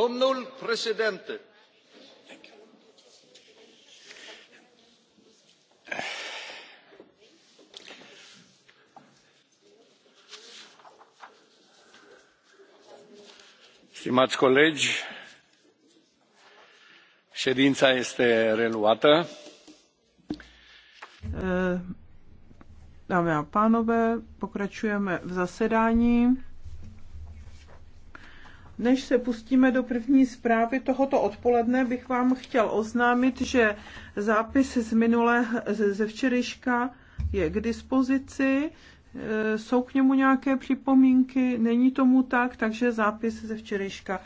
domnul președinte stimați colegi ședința este reluată. Eh, dámy a pánové pokračujeme v zasedání. Než se pustíme do první zprávy tohoto odpoledne, bych vám chtěl oznámit, že zápis z minule, ze včerejška je k dispozici. E, jsou k němu nějaké připomínky? Není tomu tak, takže zápis ze včerejška